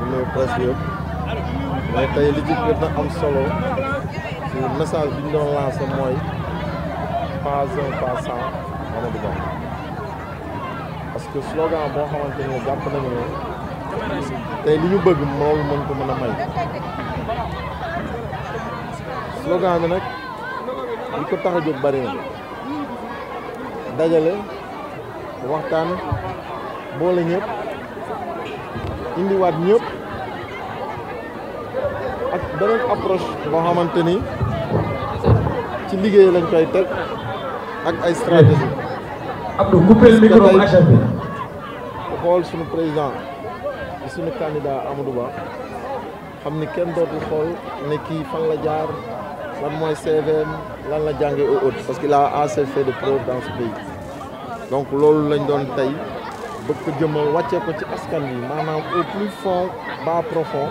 ñu nuyu presse bi yëpp am solo ci message bi ñu doon lancé mooy pas un pas sans slogan boo xamante ne jàpp nañu ne tey li ñu slogan bi nag li ko tax a jóg bari na dajale waxtaan boole ñëpp beneen approche boo xamante ci liggéey lañ koy teg ak ay stratégie Abdou coupez le micro HLB xool suñu président di suñu candidat Amadou Ba xam ni kenn dootul xool ne kii fan la jaar lan mooy CVM lan la jànge au haut parce qu'il a assez fait de preuve dans ce pays donc loolu lañ doon tey bëgg ko jëmal wàccee ko ci askan bi maanaam au plus fond bas profond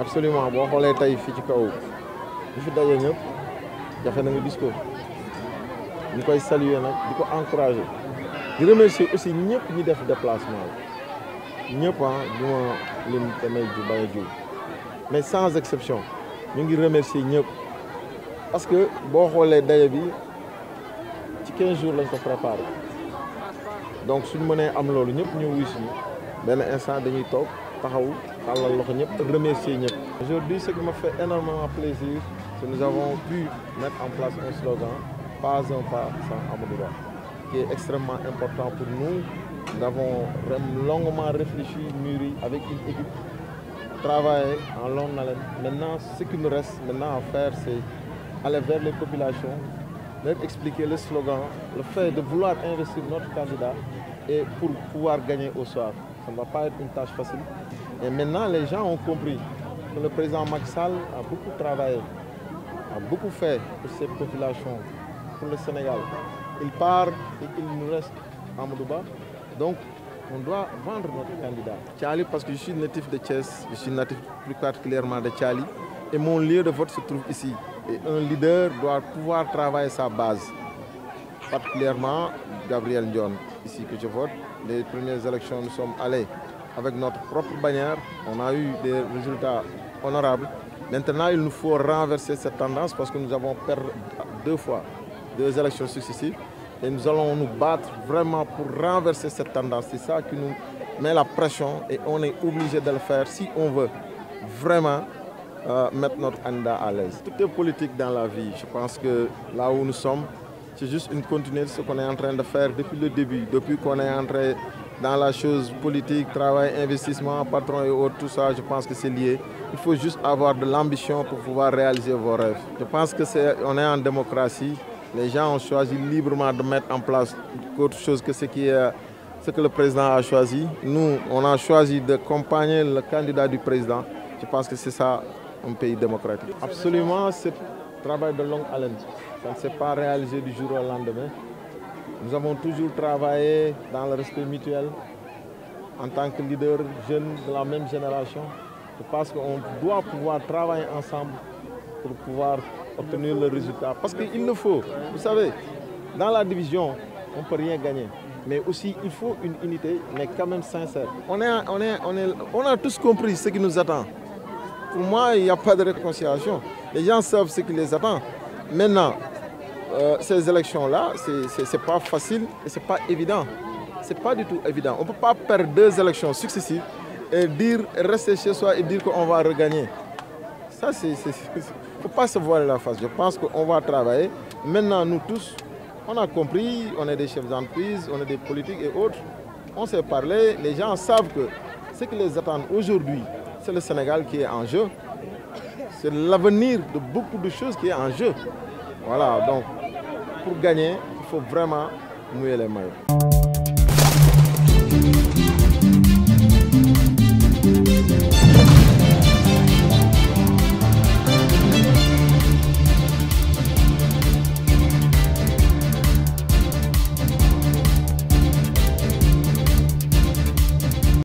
absolument bo xolé tay ci kaw fi na nga saluer nak encourager di remercier aussi ñep ñi def déplacement ah, lim ju a mais sans exception ñu ngi remercier parce que bo xolé dajé bi 15 jours lañ ko donc suñu am lolu ñep ben instant dañuy aujourd'hui ce qui m'a fait énormément plaisir c'est que nous avons pu mettre en place un slogan pas un pas sans Amadoura », qui est extrêmement important pour nous nous avons longuement réfléchi mûri avec une équipe travaillé en longue haleine maintenant ce qu'il nous reste maintenant à faire c'est aller vers les populations leur expliquer le slogan le fait de vouloir investir notre candidat et pour pouvoir gagner au soir ça ne va pas être une tâche facile. Et maintenant, les gens ont compris que le président Maxal a beaucoup travaillé, a beaucoup fait pour ses populations, pour le Sénégal. Il part et il nous reste à Moudouba. Donc, on doit vendre notre candidat. Tchali, parce que je suis natif de Thiès, je suis natif plus particulièrement de Tchali, et mon lieu de vote se trouve ici. Et un leader doit pouvoir travailler sa base, particulièrement Gabriel Dion, ici que je vote les premières élections, nous sommes allés avec notre propre bannière. On a eu des résultats honorables. Maintenant, il nous faut renverser cette tendance parce que nous avons perdu deux fois deux élections successives. Et nous allons nous battre vraiment pour renverser cette tendance. C'est ça qui nous met la pression et on est obligé de le faire si on veut vraiment euh, mettre notre candidat à l'aise. Tout est politique dans la vie. Je pense que là où nous sommes, c'est juste une continuité de ce qu'on est en train de faire depuis le début, depuis qu'on est entré dans la chose politique, travail, investissement, patron et autres, tout ça, je pense que c'est lié. Il faut juste avoir de l'ambition pour pouvoir réaliser vos rêves. Je pense que c'est, on est en démocratie. Les gens ont choisi librement de mettre en place autre chose que ce qui est ce que le président a choisi. Nous, on a choisi d'accompagner le candidat du président. Je pense que c'est ça un pays démocratique. Absolument, c'est travail de longue haleine. Ça ne s'est pas réalisé du jour au lendemain. Nous avons toujours travaillé dans le respect mutuel en tant que leader jeune de la même génération. parce qu'on doit pouvoir travailler ensemble pour pouvoir obtenir le résultat. Parce qu'il nous faut. Vous savez, dans la division, on ne peut rien gagner. Mais aussi, il faut une unité, mais quand même sincère. on a tous compris ce qui nous attend. Pour moi, il n'y a pas de réconciliation. Les gens savent ce qui les attend. Maintenant, euh, ces élections-là, ce n'est pas facile et ce n'est pas évident. Ce n'est pas du tout évident. On ne peut pas perdre deux élections successives et dire, rester chez soi et dire qu'on va regagner. Ça, il ne faut pas se voir la face. Je pense qu'on va travailler. Maintenant, nous tous, on a compris, on est des chefs d'entreprise, on est des politiques et autres. On s'est parlé, les gens savent que ce qui les attend aujourd'hui, c'est le Sénégal qui est en jeu c'est l'avenir de beaucoup de choses qui est en jeu. Voilà, donc pour gagner, il faut vraiment mouiller les maillots.